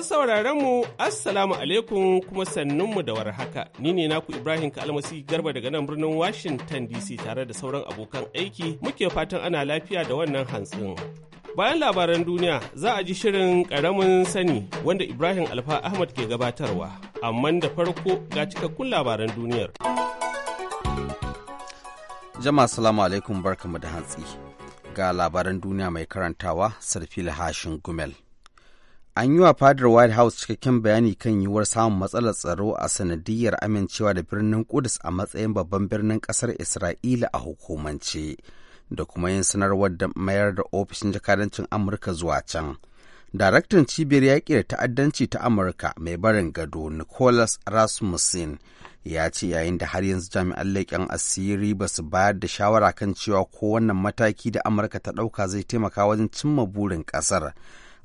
Masu sauraron mu Assalamu alaikum kuma sannunmu da warhaka. Ni ne naku Ibrahim Kalmasi Garba daga nan birnin Washington DC tare da sauran abokan aiki muke fatan ana lafiya da wannan hantsin. Bayan labaran duniya za a ji shirin ƙaramin sani wanda Ibrahim Alfa Ahmad ke gabatarwa, amma da farko ga cikakkun labaran duniyar. Jama'a salamu alaikum barkamu da hantsi. Ga labaran duniya mai karantawa Sarfila Hashin Gumel. An yi wa fadar White House cikakken bayani kan yiwuwar samun matsalar tsaro a sanadiyar amincewa da birnin Kudus a matsayin babban birnin ƙasar Isra'ila a hukumance, da kuma yin sanarwar da mayar da ofishin jakadancin Amurka zuwa can. Daraktan cibiyar yaƙi da ta'addanci ta Amurka mai barin gado Nicholas Rasmussen ya ce yayin da har yanzu jami'an leƙen asiri ba su bayar da shawara kan cewa ko wannan mataki da Amurka ta ɗauka zai taimaka wajen cimma burin ƙasar.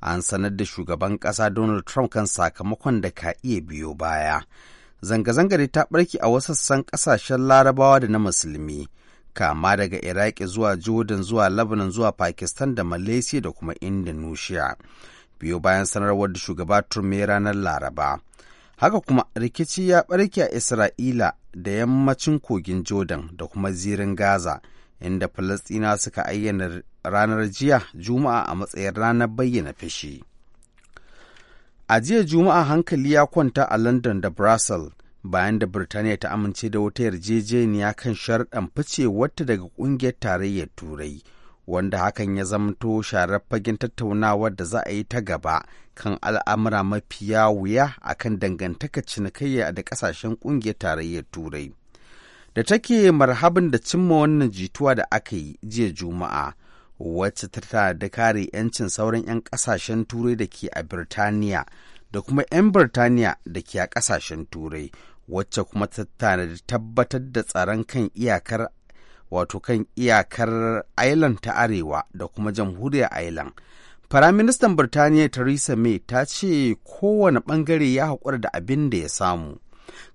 an sanar da shugaban ƙasa Donald Trump kan sakamakon da ka iya biyo baya. Zanga-zangar ta ɓarke a wasu sassan ƙasashen larabawa da na musulmi, kama daga iraq zuwa Jordan zuwa Lebanon zuwa Pakistan da Malaysia da kuma Indonesia. Biyo bayan sanarwar da shugaba Trump ya ranar Laraba. Haka kuma rikici ya ɓarke a Isra'ila da yammacin kogin Jordan da kuma zirin Gaza. inda falastina suka ayyana ranar jiya juma'a a matsayin ranar bayyana fashi a jiya juma'a hankali ya kwanta a london da brussels bayan da birtaniya ta amince da wata yarjejeniya kan sharɗan wata daga ƙungiyar tarayyar turai wanda hakan ya zamto sharar fagen tattaunawar da za a yi ta gaba kan al'amura mafiya wuya akan dangantaka cinikayya da ƙasashen ƙungiyar tarayyar turai da take marhabin da cimma wannan jituwa da aka yi jiya juma'a wacce ta da kare 'yancin sauran 'yan kasashen turai da ke a birtaniya da kuma 'yan birtaniya da ke a kasashen turai wacce kuma ta tabbatar da tsaron kan iyakar wato kan iyakar Ireland ta Arewa da kuma jamhuriyar Ireland. Firaministan Birtaniya Theresa May ta ce kowane bangare ya haƙura da abin da ya samu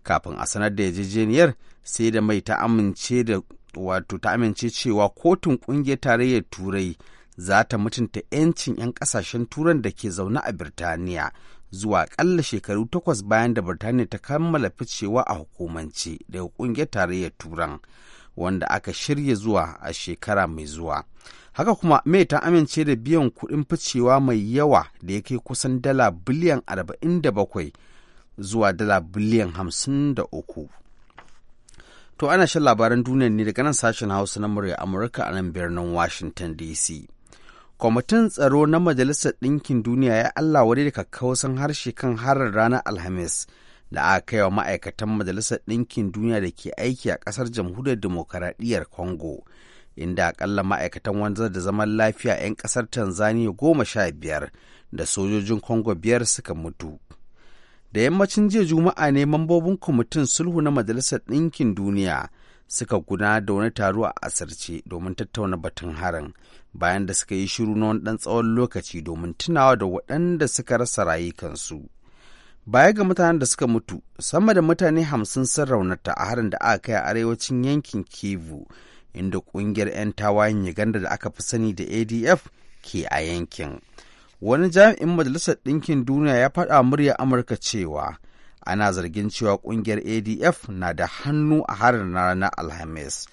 kafin a sanar da yarjejeniyar sai da mai ta amince da wato ta amince cewa kotun kungiyar tarayyar turai za ta mutunta 'yancin 'yan kasashen turan da ke zaune a birtaniya zuwa kalla shekaru takwas bayan da birtaniya ta kammala ficewa a hukumance daga kungiyar tarayyar turan wanda aka shirya zuwa a shekara mai zuwa haka kuma mai ta amince da biyan kuɗin ficewa mai yawa da ya kai kusan dala biliyan arba'in da bakwai. zuwa dala biliyan hamsin da uku. To ana shan labaran duniya ne daga nan sashen Hausa na murya Amurka a nan birnin Washington DC. Kwamitin tsaro na Majalisar Ɗinkin Duniya ya Allah wadai da kakkausan harshe kan harar ranar Alhamis da aka kai wa ma'aikatan Majalisar Ɗinkin Duniya da ke aiki a ƙasar Jamhuriyar Demokaradiyyar Congo, inda akalla ma'aikatan wanzar da zaman lafiya 'yan ƙasar Tanzania goma sha biyar da sojojin Congo biyar suka mutu. da yammacin jiya juma'a ne mambobin kwamitin sulhu na majalisar ɗinkin duniya suka gudanar da wani taro a asirce domin tattauna batun harin bayan da suka yi shiru na wani ɗan tsawon lokaci domin tunawa da waɗanda suka rasa rayukansu baya ga mutanen da suka mutu sama da mutane hamsin sun raunata a harin da aka kai a arewacin yankin kivu inda ƙungiyar 'yan tawayen uganda da aka fi sani da adf ke a yankin wani jami'in majalisar ɗinkin duniya ya faɗa murya amurka cewa ana zargin cewa ƙungiyar adf na da hannu a harin na ranar alhamis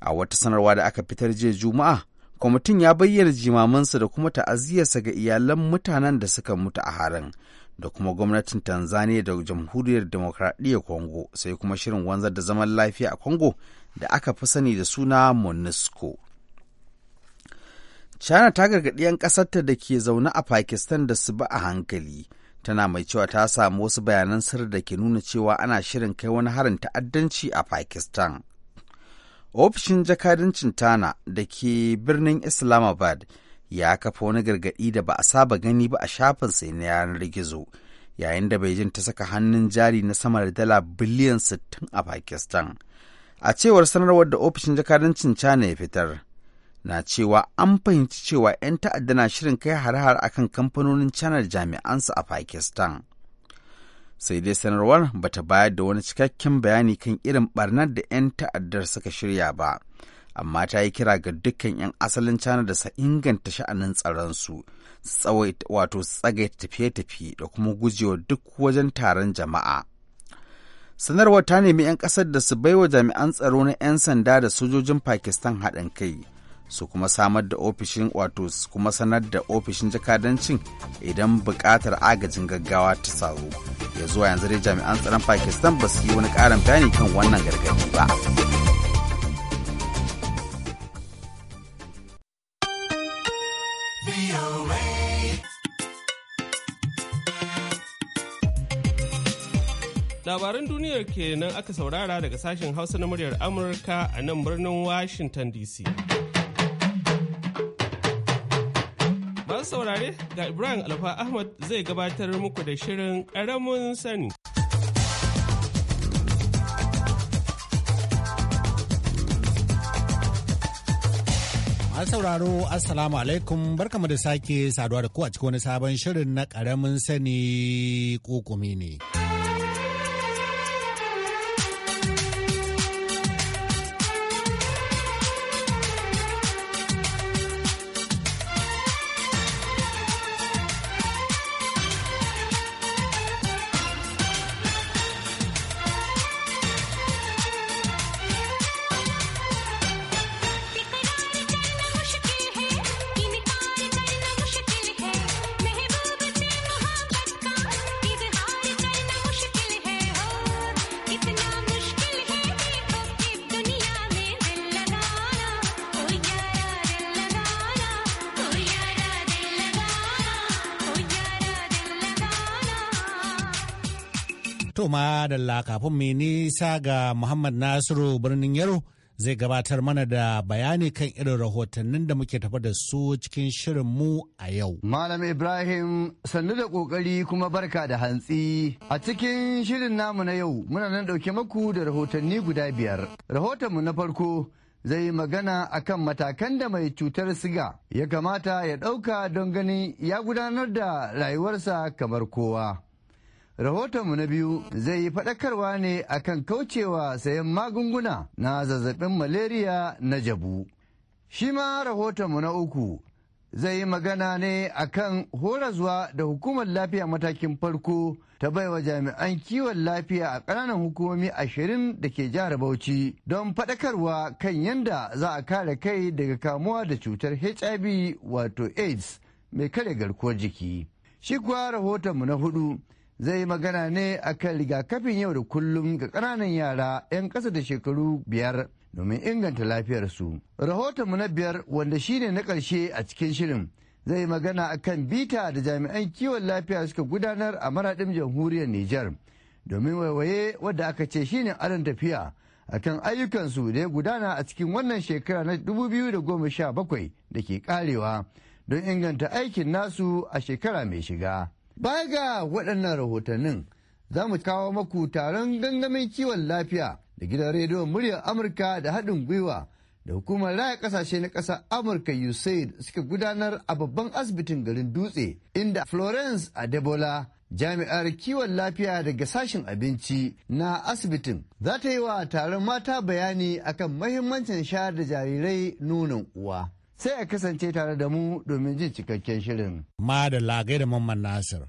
a wata sanarwa da aka fitar jiya juma'a kwamitin ya bayyana jimaminsa da kuma ta'aziyarsa ga iyalan mutanen da suka mutu a harin da kuma gwamnatin tanzania da jamhuriyar demokradiyyar congo sai kuma shirin wanzar da zaman lafiya a congo da aka fi sani da suna monusco China ta gargaɗi 'yan ƙasarta da ke zaune a Pakistan da su ba a hankali. Tana mai cewa ta samu wasu bayanan sirri da ke nuna cewa ana shirin kai wani harin ta'addanci a Pakistan. Ofishin jakadancin Tana da ke birnin Islamabad ya kafa wani gargaɗi da ba a saba gani ba a shafin na yanar gizo, yayin da Beijing ta saka hannun jari na sama da dala biliyan 60 a Pakistan. A cewar sanarwar da ofishin jakadancin China ya fitar, na cewa an fahimci cewa 'yan ta'adda na shirin kai har-har kan kamfanonin canar jami'ansu a Pakistan. Sai dai sanarwar bata bayar da wani cikakken bayani kan irin barnar da 'yan ta'addar suka shirya ba, amma ta yi kira ga dukkan 'yan asalin canar da sa inganta sha'anin tsaronsu, wato tsagaita tafiye-tafiye da kuma gujewa duk wajen taron jama'a. Sanarwar ta nemi 'yan kasar da su baiwa jami'an tsaro na 'yan sanda da sojojin Pakistan haɗin kai. su kuma samar da ofishin wato su kuma sanar da ofishin jakadancin idan buƙatar agajin gaggawa ta saru ya zuwa yanzu dai jami'an tsaron pakistan ba su yi wani ƙarin bayani kan wannan gargaɗi ba labaran duniyar kenan aka saurara daga sashen hausa na muryar amurka a nan birnin washington dc Ban saurare da Ibrahim Alfa Ahmad zai gabatar muku da shirin ƙaramin sani. A sauraro Assalamu alaikum barkamu da sake saduwa da ku a cikin wani sabon shirin na ƙaramin sani kokumi ne. dalla kafin mai nisa ga Muhammad Nasiru birnin Yaro zai gabatar mana da bayani kan irin rahotannin da muke tafa da su cikin shirin mu a yau. Malam Ibrahim sannu da kokari kuma barka da hantsi. A cikin shirin namu na yau muna nan ɗauke maku da rahotanni guda biyar. Rahotonmu na farko zai yi magana akan matakan da mai cutar siga ya kamata ya ɗauka don gani ya gudanar da rayuwarsa kamar kowa. Rahotonmu na biyu zai yi faɗakarwa ne akan kaucewa sayan magunguna na zazzabin malaria na jabu. Shi ma rahotonmu na uku zai yi magana ne akan zuwa da hukumar lafiya matakin farko ta baiwa jami'an kiwon lafiya a ƙananan hukumomi ashirin da ke jihar Bauchi don faɗakarwa kan yadda za a kare kai daga kamuwa da cutar HIV wato AIDS mai kare garkuwar jiki. Shi kuwa rahotonmu na hudu. zai yi magana ne a kan rigakafin yau da kullum ga ƙananan yara 'yan ƙasa da shekaru biyar domin inganta lafiyarsu. Rahotonmu na biyar wanda shine na ƙarshe a cikin shirin zai yi magana a kan bita da jami'an kiwon lafiya suka gudanar a maraɗin jamhuriyar Nijar domin waiwaye wadda aka ce shine adon tafiya a kan ayyukansu da ya gudana a cikin wannan shekara na 2017 da ke ƙarewa don inganta aikin nasu a shekara mai shiga. Baya ga waɗannan rahotannin za mu kawo maku taron gangamin kiwon lafiya da gidan rediyon muryar Amurka da haɗin gwiwa da hukumar raya ƙasashe na ƙasa Amurka USAID suka gudanar a babban asibitin garin Dutse inda Florence Adebola jami'ar kiwon lafiya daga sashen abinci na asibitin za ta yi wa taron mata bayani akan mahimmancin shayar da jarirai nonon uwa. sai a kasance tare da mu domin jin cikakken shirin. Ma da lagai da Mamman Nasir.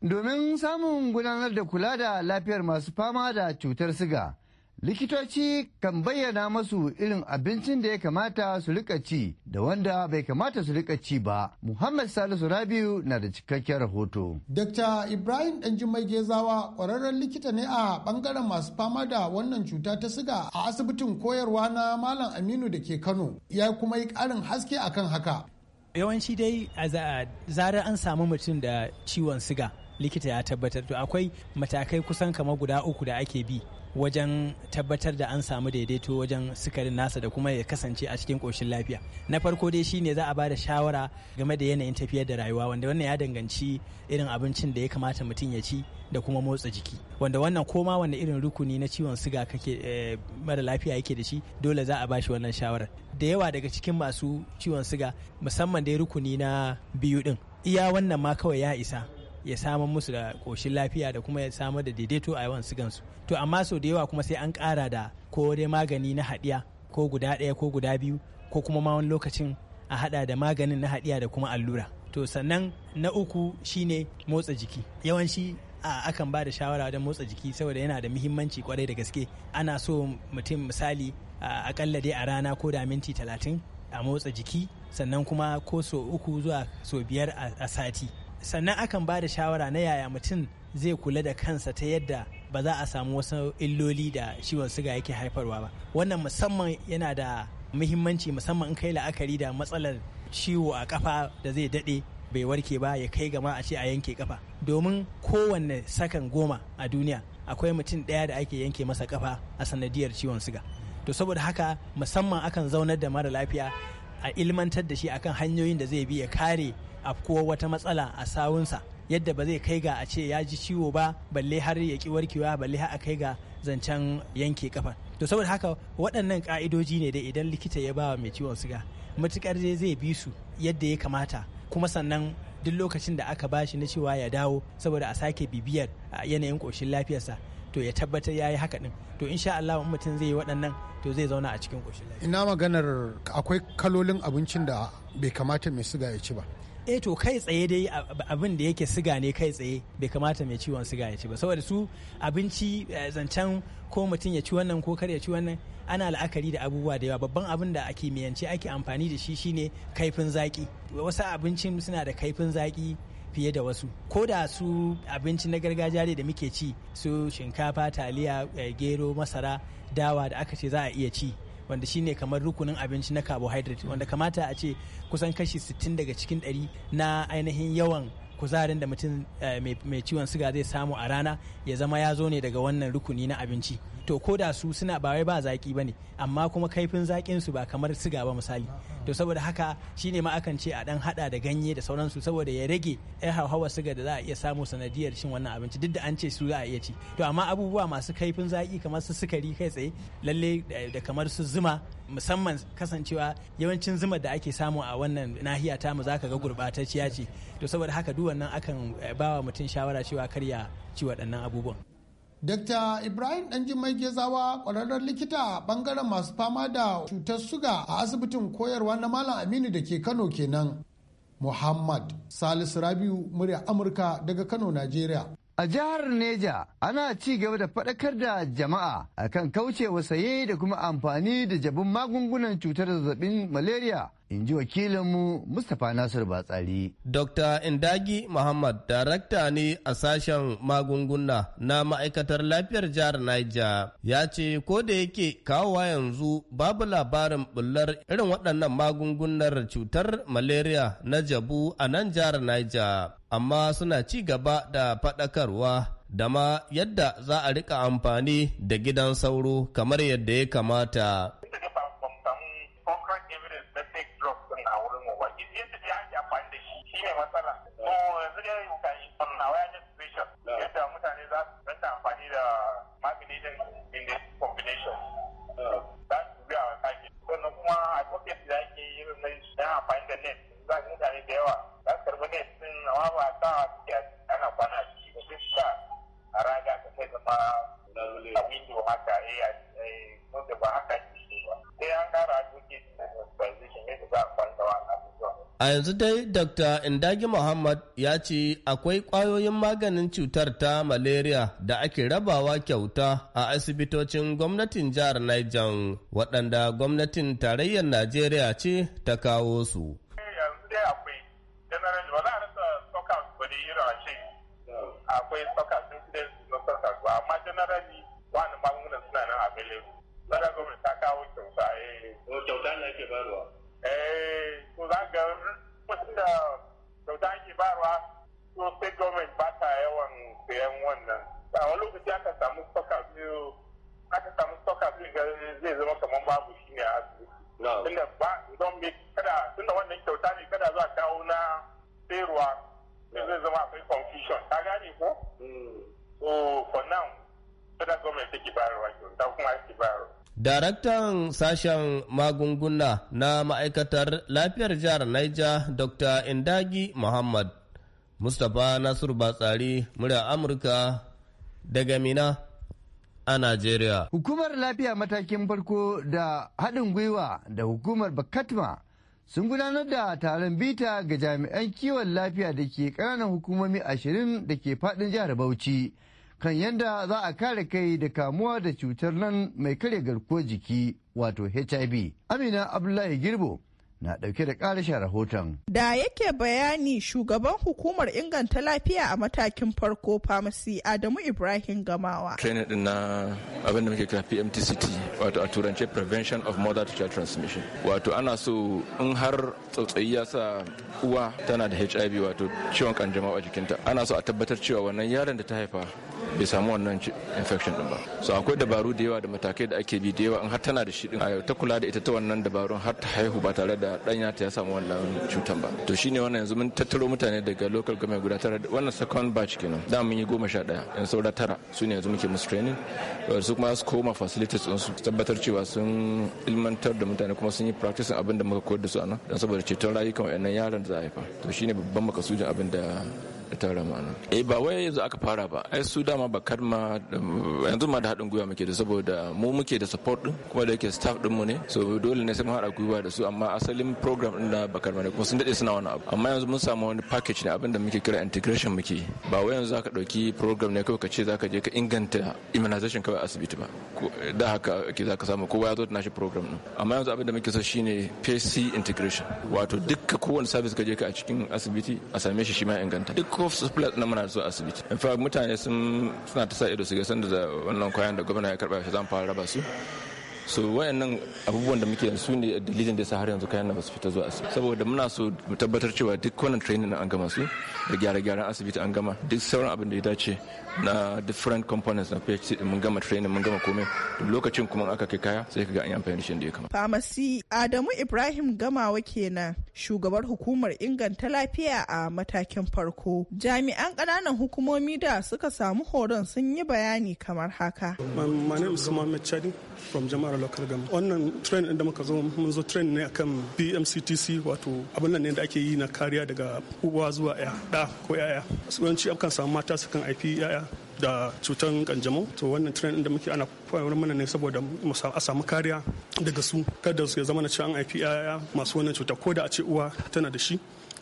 Domin samun gudanar da kula da lafiyar masu fama da cutar siga. likitoci kan bayyana masu irin abincin da ya kamata su rika ci da wanda bai kamata su rika ci ba muhammad salisu rabiu na da cikakken rahoto dr ibrahim jima'i gezawa kwararren likita ne a bangaren masu fama da wannan cuta ta siga a asibitin koyarwa na malam aminu da ke kano ya kuma yi karin haske akan haka yawanci dai a zarar an samu mutum da ciwon siga likita ya tabbatar to akwai matakai kusan kamar guda uku da ake bi wajen tabbatar da an samu daidaito wajen sukarin nasa da kuma ya kasance a cikin koshin lafiya na farko dai shine za a bada shawara game da yanayin tafiyar da rayuwa wanda wannan ya danganci irin abincin da ya kamata mutum ya ci da kuma motsa jiki wanda wannan koma wanda irin rukuni na ciwon siga kake eh, mara lafiya yake da shi dole za a bashi wannan shawarar da yawa daga cikin masu ciwon siga musamman dai rukuni na biyu din iya wannan ma kawai ya isa ya samar musu da koshin lafiya da kuma ya samar da daidaito a yawan sigansu to amma sau da yawa kuma sai an kara da ko dai magani na haɗiya ko guda ɗaya ko guda biyu ko kuma ma wani lokacin a haɗa da maganin na haɗiya da kuma allura to sannan na uku shine motsa jiki yawanci a akan ba da shawara wajen motsa jiki saboda yana da muhimmanci kwarai da gaske ana so mutum misali akalla dai a rana ko da minti talatin a motsa jiki sannan kuma ko so uku zuwa so biyar a sati sannan akan ba da shawara na yaya mutum zai kula da kansa ta yadda ba za a samu wasu illoli da ciwon suga yake haifarwa ba wannan musamman yana da muhimmanci musamman in kai la'akari da matsalar ciwo a kafa da zai daɗe bai warke ba ya kai gama a ce a yanke kafa domin kowanne sakan goma a duniya akwai mutum ɗaya da ake yanke masa kafa a sanadiyar ciwon siga to saboda haka musamman akan zaunar da mara lafiya a ilmantar da shi akan hanyoyin da zai bi ya kare afko wata matsala a sawunsa yadda ba zai kai ga a ce ya ji ciwo ba balle har ya ki warkewa balle har a kai ga zancen yanke kafar to saboda haka waɗannan ka'idoji ne da idan likita ya ba wa mai ciwon siga matukar dai zai bi su yadda ya kamata kuma sannan duk lokacin da aka bashi na cewa ya dawo saboda a sake bibiyar a yanayin ƙoshin lafiyarsa to ya tabbatar ya yi haka din to insha Allah in mutum zai yi waɗannan to zai zauna a cikin ƙoshin lafiya ina maganar akwai kalolin abincin da bai kamata mai siga ya ci ba eh to kai tsaye dai abin da yake siga ne kai tsaye bai kamata mai ciwon siga ya ci ba saboda su abinci eh, zancen ko mutum ya ci wannan ko kar ya ci wannan ana la'akari da abubuwa da yawa babban abin da ake miyance ake amfani da shi shine kaifin zaki wasu abincin suna da kaifin zaki fiye da wasu ko da su abinci na gargajiya da muke ci su shinkafa taliya eh, gero masara dawa da aka ce za a iya ci wanda shine kamar rukunin abinci na carbohydrate wanda kamata a ce kusan kashi 60 daga cikin 100 na ainihin yawan kuzarin da mutum eh, mai ciwon siga zai samu a rana ya zama ya zo ne daga wannan rukuni na abinci to ko da su suna ba wai ba zaki ba ne amma kuma kaifin zakin su ba kamar siga ba misali to saboda haka shine ma akan ce a dan hada da ganye da sauransu saboda ya rage yan eh, hawa siga da za a iya samu sanadiyar cin wannan abinci duk da an ce su za a iya ci to amma abubuwa masu kaifin zaki kamar su sukari kai tsaye lalle eh, da kamar su zuma musamman kasancewa yawancin zuma da ake samu a wannan nahiya ta mu zaka ga gurbatacciya ce to saboda haka duk wannan akan eh, bawa mutum shawara cewa kar ya ci waɗannan abubuwan Dr. Ibrahim jimai Gezawa kwararren likita bangaren masu fama da cutar suga a asibitin koyarwa na Malam Aminu da ke Kano kenan. Muhammad Salisu Rabiu murya Amurka daga Kano, nigeria. A jihar Neja ana ci gaba da faɗakar da jama'a akan kaucewa saye da kuma amfani da jabin magungunan cutar zazzabin malaria in ji wakilinmu Mustapha nasiru Batsari. Dr. Indagi Muhammad darakta ne a sashen magunguna na ma'aikatar lafiyar jihar naija ya ce ko da yake kawowa yanzu babu labarin bullar irin waɗannan magungunar cutar malaria na jabu a nan jihar naija amma suna ci gaba da faɗakarwa. da ma yadda za a rika amfani da gidan sauro kamar yadda ya kamata. shi ne matsala. Mu yanzu dai A yanzu dai Dr. Indagi Muhammad ya ce akwai kwayoyin maganin cutar ta malaria da ake rabawa kyauta a asibitocin gwamnatin jihar Niger waɗanda gwamnatin tarayyar Najeriya ce ta kawo su. Yanzu dai akwai general wala rasa sokas kudi irin a ce akwai sokas incident na sokas ba amma generally wani magungunan suna nan a bele. Zara gwamnati ta kawo kyauta eh. Kyauta ne ake bayarwa. eh to za ga wasu da kyauta ake bayarwa to sai gwamnati ba ta yawan sayan wannan a wani lokaci aka samu stock up aka samu stock up zai zama kamar babu shi ne a asibiti tunda ba don me kada tunda wannan kyauta ne kada za kawo na sayarwa zai zama akwai confusion ka gane ko hmm. so for now federal government take bayarwa kyauta kuma ake bayarwa Daraktan sashen magunguna na ma'aikatar lafiyar jihar Niger Dr. Indagi Muhammad Mustapha Nasiru Batsari murya Amurka daga Mina a Najeriya. Hukumar lafiya matakin farko da haɗin gwiwa da hukumar Bakatma sun gudanar da taron bita ga jami'an kiwon lafiya da ke ƙananan hukumomi ashirin da ke faɗin jihar Bauchi. kan yadda za a kare kai da kamuwa da cutar nan mai kare garkuwar jiki wato HIV. Amina Abdullahi Girbo na ɗauke da ƙarashin rahoton. Da yake bayani shugaban hukumar inganta lafiya a matakin farko famasi Adamu Ibrahim Gamawa. Training din na abin muke kira PMTCT wato a turance Prevention of Mother to Child Transmission. Wato ana so in har tsautsayi ya sa uwa tana da HIV wato ciwon kanjamau a jikinta. Ana so a tabbatar cewa wannan yaron da ta haifa bai samu wannan infection din ba so akwai dabaru da yawa da matakai da ake bi da yawa in har tana da shi din ta kula da ita ta wannan dabarun har ta haihu ba tare da danya ta ya samu wannan cutan ba to shine wannan yanzu mun tattaro mutane daga local government guda tara wannan second batch kenan da mun yi goma sha daya yan saura tara su ne yanzu muke musu training su kuma su koma facilities din su tabbatar cewa sun ilmantar da mutane kuma sun yi practicing abin da muka koyar da su a nan don saboda ceton rayukan wayannan yaran da za a haifa to shine babban makasudin abin da tara ma'ana E eh, ba wai yanzu aka fara ba ai su dama ba karma yanzu ma da haɗin gwiwa muke da saboda mu muke da support din kuma da yake staff din mu ne so dole ne sai mun haɗa gwiwa da su amma asalin program din na bakar karma ne kuma sun daɗe suna wani abu amma yanzu mun samu wani package ne abinda muke kira integration muke ba wai yanzu zaka ɗauki program ne kawai ka ce zaka je ka inganta immunization kawai asibiti ba da haka ke zaka samu kowa ya zo da nashi program din amma yanzu abinda muke so shine PC integration wato dukka kowane service ka je ka a cikin asibiti a same shi shi ma inganta duk cough plus na muna zuwa asibiti in fact mutane sun suna ta sa ido su ga sanda da wannan kwayan da gwamna ya karba shi zan fara raba su so wayannan abubuwan da muke su ne dalilin da sa har yanzu kayan na basu fita zuwa asibiti saboda muna so mu tabbatar cewa duk wannan training an gama su da gyare-gyaren asibiti an gama duk sauran abin da ya dace na different components na PHC mun gama training mun gama komai lokacin kuma aka kai kaya sai ka ga an yi amfani da shi da ya kama. Famasi Adamu Ibrahim Gamawa kenan shugabar hukumar inganta lafiya a matakin farko. Jami'an ƙananan hukumomi da suka samu horon sun yi bayani kamar haka. My name is Mohammed Chadi from Jama'ar Local Government. Wannan training ɗin da muka zo mun zo train ne akan BMCTC wato abin nan ne da ake yi na kariya daga uwa zuwa ɗa ko 'ya'ya. Yawanci akan samu mata sukan haifi 'ya'ya da cutar kanjamau to wannan in da muke ana koyar mana ne saboda a samu kariya daga su kada su ya zama na ci an haifi 'ya'ya masu wannan cuta ko da a ce uwa tana da shi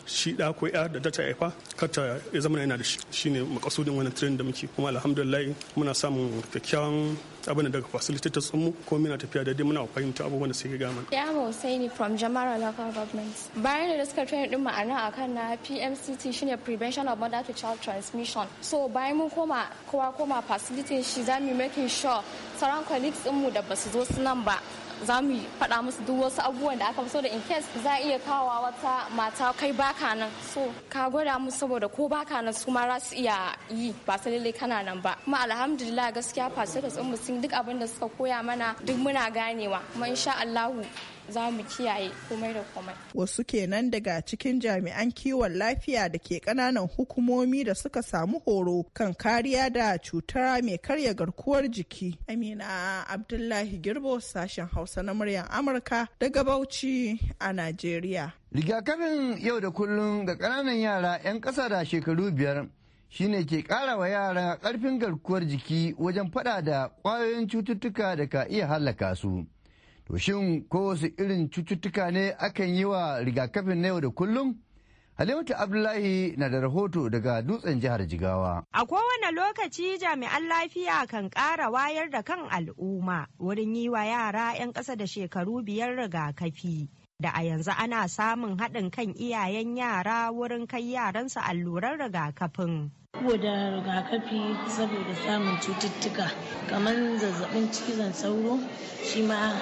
shi da ko ya da ta haifa kata ya zama yana da shi shine makasudin wannan trend da muke kuma alhamdulillah muna samun kyakkyawan abin daga facilitators mu ko muna tafiya da muna fahimta abubuwan da suke gama. Ya ma Hussaini from Jamara Local Government. Bayan da suka train din ma'ana akan na PMCT shine Prevention of Mother to Child Transmission. So bayan mun koma kowa koma facility shi zamu mu making sure sauran colleagues mu da basu zo su nan ba za mu faɗa musu duk wasu abubuwan da aka fi so da in case za iya kawa wata mata kai baka nan so ka gwada musu saboda ko baka nan su ma za su iya yi ba sai lallai kana nan ba kuma alhamdulillah gaskiya fasu da sun duk abin da suka koya mana duk muna ganewa kuma insha Allahu za mu kiyaye komai da komai. Wasu kenan daga cikin jami'an kiwon lafiya da ke ƙananan hukumomi da suka samu horo kan kariya da cutar mai karya garkuwar jiki. Amina Abdullahi Girbo sashen Hausa na muryar Amurka daga Bauchi a Najeriya. Rigakafin yau da kullum ga ƙananan yara 'yan ƙasa da shekaru biyar shine ke ƙara wa yara ƙarfin garkuwar jiki wajen faɗa da ƙwayoyin cututtuka da ka iya hallaka su. To shin ko wasu irin cututtuka ne akan yi wa rigakafin na yau da kullum? Halimatu Abdullahi na da rahoto daga dutsen jihar Jigawa. A kowane lokaci jami'an lafiya kan ƙara wayar da kan al'umma wurin yi wa yara 'yan ƙasa da shekaru biyar rigakafi. Da a yanzu ana samun haɗin kan iyayen yara wurin kai yaransu alluran rigakafin. saboda rigakafi saboda samun cututtuka kamar zazzabin cizon sauro shi ma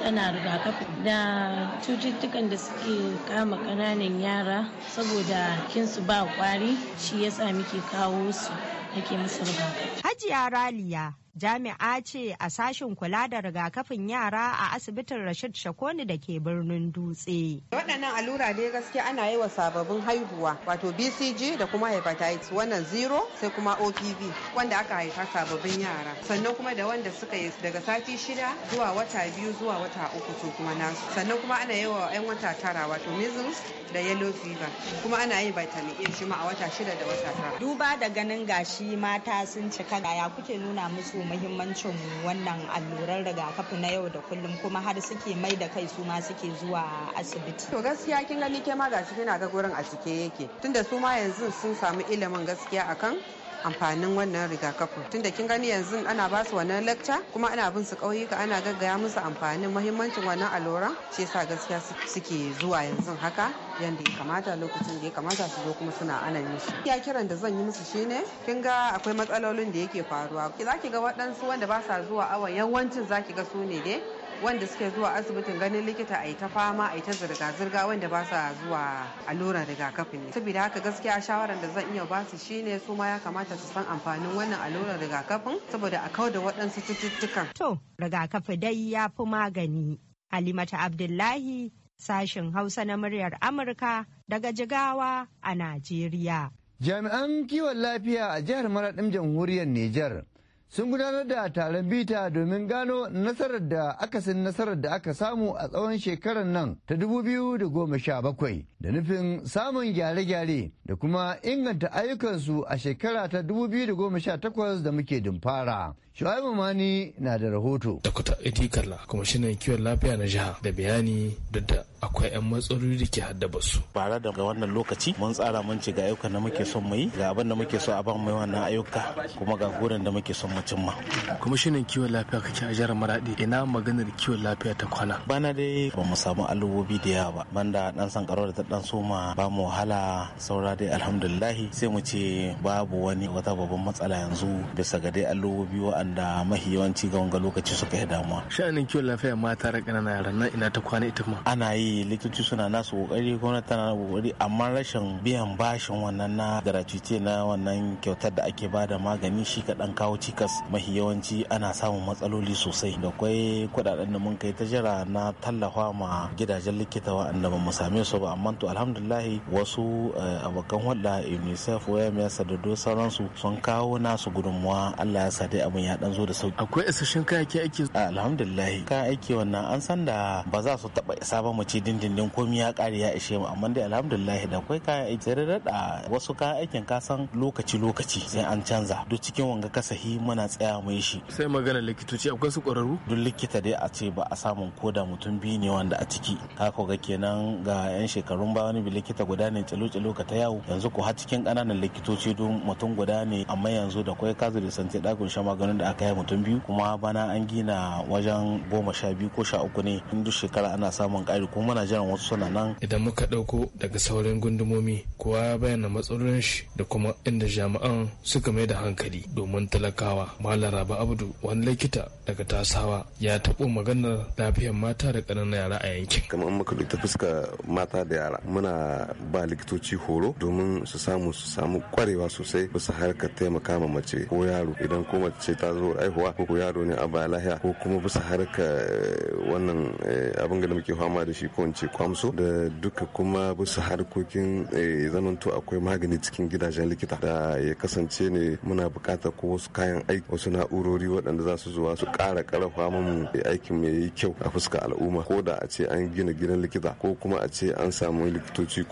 tana rigakafi da cututtukan da suke kama ƙananan yara saboda kinsu ba kwari shi yasa muke kawo su ake musu rigakafi. Hajiya Raliya jami'a ce a sashin kula da rigakafin yara a asibitin Rashid Shakoni da ke birnin Dutse. Waɗannan allura ne gaskiya ana yi wa sababbin haihuwa wato BCG da kuma hepatitis wannan zero sai kuma OPV wanda aka haifa sababbin yara sannan kuma da wanda suka yi daga sati shida zuwa wata biyu zuwa wata uku su kuma nasu sannan kuma ana yi wa 'yan wata tara wato measles da yellow fever kuma ana yin vitamin A shi ma a wata shida da wata tara. Duba da ganin gashi mata sun cika ya kuke nuna musu muhimmancin wannan alluran rigakafi na yau da kullum kuma har suke mai da kai su ma suke zuwa asibiti. To gaskiya kin gani ke ma gashi kina ga gurin a cike yake tunda su ma yanzu sun samu ilimin gaskiya akan amfanin wannan rigakafin da kin gani yanzu ana ba su wannan lecture kuma ana bin su ƙauyuka ana gaggaya musu amfanin mahimmancin wannan alluran shi yasa gaskiya suke zuwa yanzu haka yadda ya kamata lokacin da ya kamata su zo kuma suna ana shi ya kiran da zan yi musu shine kin ga akwai matsalolin da yake faruwa zaki ga waɗansu wanda ba sa zuwa awa yawancin zaki ga su ne dai wanda suke zuwa asibitin ganin likita a yi ta fama a yi ta zirga-zirga wanda ba sa zuwa allurar rigakafin ne saboda haka gaskiya shawarar da zan iya basu shine su ma ya kamata su san amfanin wannan allurar rigakafin saboda a kau da waɗansu cututtukan to rigakafi dai ya fi magani halimata abdullahi sashin hausa na muryar amurka daga jigawa a najeriya jami'an kiwon lafiya a jihar maraɗin jamhuriyar nijar sun gudanar da taron bita domin gano nasarar da aka akasin nasarar da aka samu a tsawon shekarar nan ta 2017 da nufin samun gyare-gyare da kuma inganta ayyukansu a shekara ta 2018 da muke dumfara. Shu'aibu Mani na da rahoto. Dakta Edi kuma shi kiwon lafiya na jiha da bayani duk da akwai 'yan matsaloli da ke haddaba su. Bara da ga wannan lokaci mun tsara mun ce ga ayyukan da muke son mu yi, ga abin da muke so a ban mai wannan ayyuka kuma ga gurin da muke son mu cimma. kuma Kwamishinan kiwon lafiya kake a jihar Maradi ina maganar kiwon lafiya ta kwana. Bana dai ba mu samu alubobi da yawa ba, banda dan sankaro da ta dan soma ba mu wahala saura dai alhamdulillahi sai mu ce babu wani wata babban matsala yanzu bisa ga dai allobobi wa'anda mahi yawanci ga wanga lokaci suka yi damuwa. Sha'anin kiwon lafiyar mata da ƙananan yaran nan ina ta kwana ita ma. Ana yi likitoci suna nasu kokari gwamnati tana kokari amma rashin biyan bashin wannan na gratuity na wannan kyautar da ake bada magani shi kaɗan kawo cikas mahi yawanci ana samun matsaloli sosai da kwai kuɗaɗen da mun kai ta jira na tallafa ma gidajen likita wa'anda ba mu same su ba amma to alhamdulahi wasu eh, abokan hulɗa unicef wayamiyarsa da do sauransu sun kawo nasu gudunmuwa allah ya sa dai abin ya dan zo da sauki akwai isasshen kayayyaki aiki alhamdulahi kayan aiki wannan an san da ba za su taba isa ba mu ci dindindin komi ya kare ya ishe mu amma dai alhamdulahi da akwai kayan aiki sai da wasu kayan aikin ka san lokaci lokaci sai an canza duk cikin wanga kasahi muna tsaya mu yi shi sai magana likitoci akwai su kwararru duk likita dai a ce ba a samun koda mutum biyu ne wanda a ciki haka ga kenan ga yan shekarun mun ba wani likita guda ne calo ka ta yawo yanzu ko har cikin ƙananan likitoci don mutum guda ne amma yanzu da kwai kazu da santi ɗakin sha maganin da aka yi mutum biyu kuma bana an gina wajen goma sha biyu ko sha uku ne in duk shekara ana samun ƙari kuma muna jiran wasu suna nan. Idan muka ɗauko daga sauran gundumomi kowa ya bayyana matsalolin shi da kuma inda jami'an suka mai da hankali domin talakawa. Malam Raba Abdu wani likita daga tasawa ya taɓo maganar lafiyar mata da ƙananan yara a yankin. Kamar muka bi ta fuska mata da yara muna ba likitoci horo domin su samu su samu kwarewa sosai bisa harkar taimaka ma mace ko yaro idan ko mace ta zo aihuwa ko ko yaro ne a baya lahiya ko kuma bisa harkar eh, wannan eh, abin da muke fama da shi ko in ce kwamso da duka kuma bisa harkokin eh, zamanto akwai magani cikin gidajen likita da ya kasance ne muna bukatar ko wasu kayan aiki wasu na'urori waɗanda za su zo su ƙara ƙarfa mun aikin mai kyau a fuska al'umma ko da a ce an gina gidan likita ko kuma a ce an samu akwai likitoci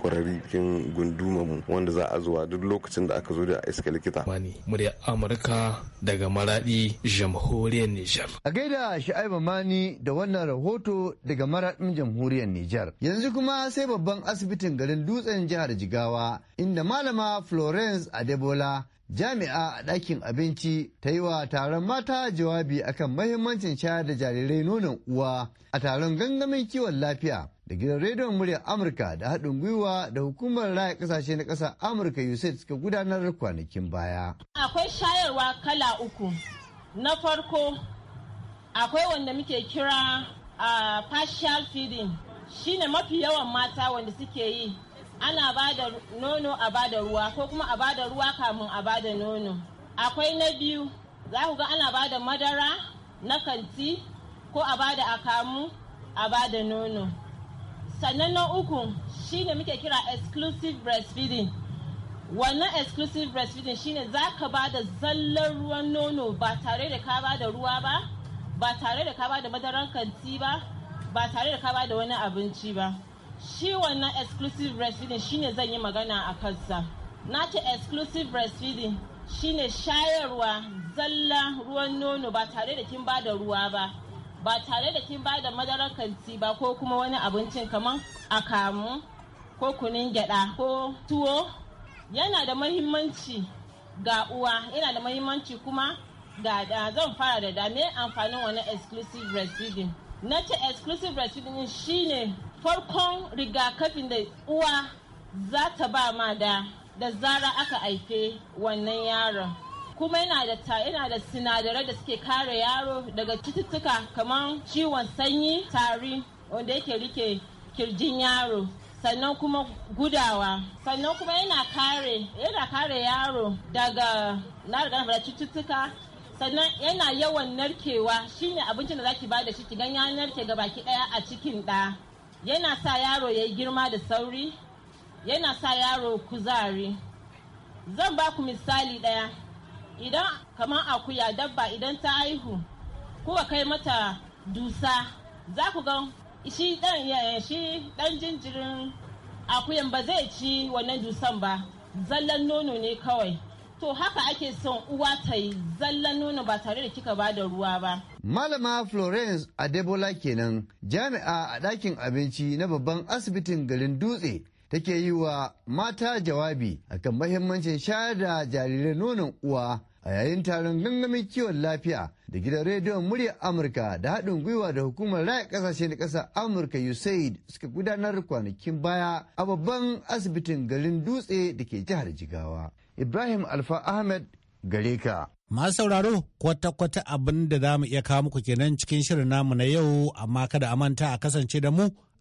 gunduma mu wanda za a zo zuwa duk lokacin da aka zo da iska likita. Wani murya Amurka daga Maradi jamhuriyar Nijar. A gaida Sha'ibu Mani da wannan rahoto daga Maradin jamhuriyar Nijar. Yanzu kuma sai babban asibitin garin Dutsen jihar Jigawa inda malama Florence Adebola jami'a a ɗakin abinci ta yi wa taron mata jawabi akan mahimmancin shayar da jarirai nonon uwa a taron gangamin kiwon lafiya da gidan rediyon muryar amurka da haɗin gwiwa da hukumar raya ƙasashe na ƙasar amurka usaid suka gudanar kwanakin baya akwai shayarwa kala uku na farko akwai wanda muke kira a partial feeding shine mafi yawan mata wanda suke yi ana ba da nono a ba da ruwa ko kuma a ba da ruwa kamun a ba da nono akwai na biyu za ku ga ana ba da madara na kanti ko a ba da akamu a ba da nono sannan na uku shine muke kira exclusive breastfeeding wannan exclusive breastfeeding ne za ka ba da zallar ruwan nono ba tare da ka ba da ruwa ba ba tare da ka ba da madarar kanti ba ba tare da ka ba da wani abinci ba shi wannan exclusive breastfeeding shi ne zan yi magana a kansa na ce exclusive breastfeeding shi ne shayarwa zalla ruwan nono ba tare da kin ba da ruwa ba ba tare da kin bada madarar kanti ba ko kuma wani abincin kamar akamu ko kunin gyada ko tuwo yana da mahimmanci ga uwa yana da mahimmanci kuma ga da zan fara da dame amfanin wani exclusive breastfeeding na ce exclusive breastfeeding shine farkon rigakafin da uwa za ta ba ma da zara aka aike wannan yaron kuma yana da yana da sinadarai da suke kare yaro daga cututtuka kamar ciwon sanyi tari wanda yake rike kirjin yaro sannan kuma gudawa sannan kuma yana kare yana kare yaro daga na riga cututtuka sannan yana yawan narkewa shine abincin da zaki da shi ki ya narke ga baki daya a cikin da yana sa yaro yayi girma da sauri yana sa yaro kuzari zan ba ku misali daya idan kamar akuya dabba idan ta haihu kuka kai mata dusa za ku ga shi dan shi dan jinjirin akuyan ba zai ci wannan dusan ba zallan nono ne kawai to haka ake son uwa ta yi zallan nono ba tare da kika ba da ruwa ba. Malama Florence Adebola kenan jami'a a dakin abinci na babban asibitin garin dutse take yi wa mata jawabi akan mahimmancin shayar da jarirai nonon uwa a yayin taron gangamin kiwon lafiya da gidan rediyon murya amurka da haɗin gwiwa da hukumar raya ƙasashe na ƙasar amurka usaid suka gudanar kwanakin baya a babban asibitin garin dutse da ke jihar jigawa ibrahim alfa ahmed gare ka Masu sauraro kwata-kwata abin da za mu iya kawo muku kenan cikin shirin namu na yau amma kada a manta a kasance da mu